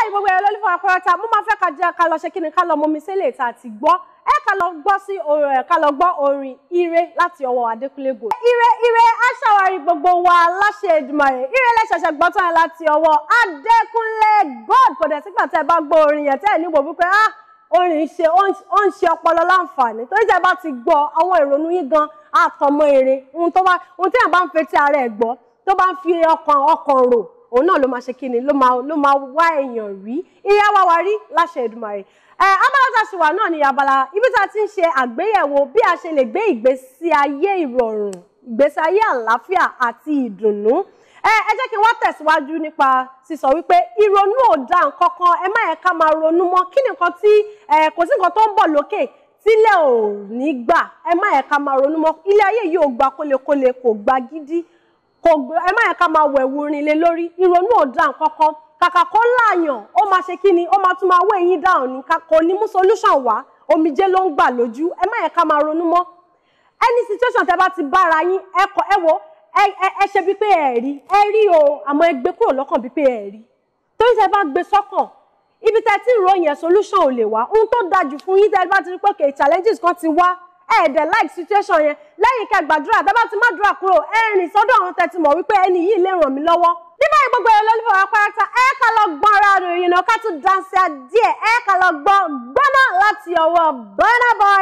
báyìí gbogbo ẹ̀rọ lólùfọ́ apẹ́rẹ́ta mo máa fẹ́ ká jẹ́ ká lọ ṣe kí ni ká lọ mọ mi sílẹ̀ ìta àti gbọ́ ẹ ká lọ gbọ́ sí ká lọ gbọ́ orin ire láti ọwọ́ Adékúnlé Gold. ire ire aṣàwárí gbogbo wa láṣẹ Èdùmàrè ire lẹ́sẹ̀ṣẹ̀ gbọ́ tán láti ọwọ́ Adékúnlé Gold kò dẹ̀ sígbà tẹ́ ẹ bá gbọ́ orin yẹn tẹ́ ẹ níwò wípé ah orin ṣe ó ń ṣe ọpọlọ láǹfààní torí tẹ́ ẹ bá ti gbọ́ àwọn ìrònú yín gan àtọmọ eré ohun tí ẹ bá ń fetí ara ẹ gbọ́ tó bá ń fi ọkàn ọkàn rò òun náà ló máa ṣe kíni ló máa ló máa wá èèyàn rí ìyá wa wá rí láṣẹ Èdùmàrè ẹ náà ni abala ibi tá a ti ń ṣe àgbéyẹ̀wò bí a ṣe lè gbé ìgbésí ayé ìrọ̀rùn ìgbésí ayé àlàáfíà àti ìdùnnú ẹ ẹ jẹ́ kí n wá tẹ̀síwájú nípa sísọ wípé ìrònú ò da nǹkan kan ẹ má yẹ ká máa ronú mọ́ kí nìkan tí kò sí nǹkan tó ń bọ̀ lókè tílẹ̀ ò ní gbà ẹ má yẹ ká máa ronú mọ́ ilé ayé yìí ò gba kólekóle kò gba gidi kò ẹ má yẹ ká máa wẹ̀wù rinlẹ̀ lórí ìrònú ò dá nǹkan kan kàkà kó láàyàn ó máa ṣe kí ni ó máa tún máa wé yín dáhùn ní kò ní mú solution wá omijé ló ń gbà lójú ẹ má yẹ ká máa ronú mọ́ any situation tẹ bá ti bára yín ẹ kọ ẹ wo ẹ ṣe bíi pé ẹ rí ẹ rí o àmọ́ ẹ gbé kúrò lọ́kàn bíi pé ẹ rí torí tẹ bá gbé sọ́kàn ibi tẹ ti ń ròyìn ẹ solution ò lè wá ohun tó dájú fún yín tẹ bá ti rí pé okay challenges kan ti wá ẹ̀ẹ́dẹ̀ like situation yẹn lẹ́yìn kẹ́ gbàdúrà dábàá ti má dúrà kúrò ẹ rìn sọ́dọ̀ àwọn tẹ́tí mọ̀ wípé ẹni yìí lè ràn mí lọ́wọ́. ní báyìí gbogbo ẹ̀rọ lọ́lọ́fọ̀ wa pàrọ̀tà ẹ ká lọ gbọ́n ara rẹ̀ yìnyín ká tún dáńsì díẹ̀ ẹ ká lọ gbọ́n gbọ́nà láti ọwọ́ Burna Boy.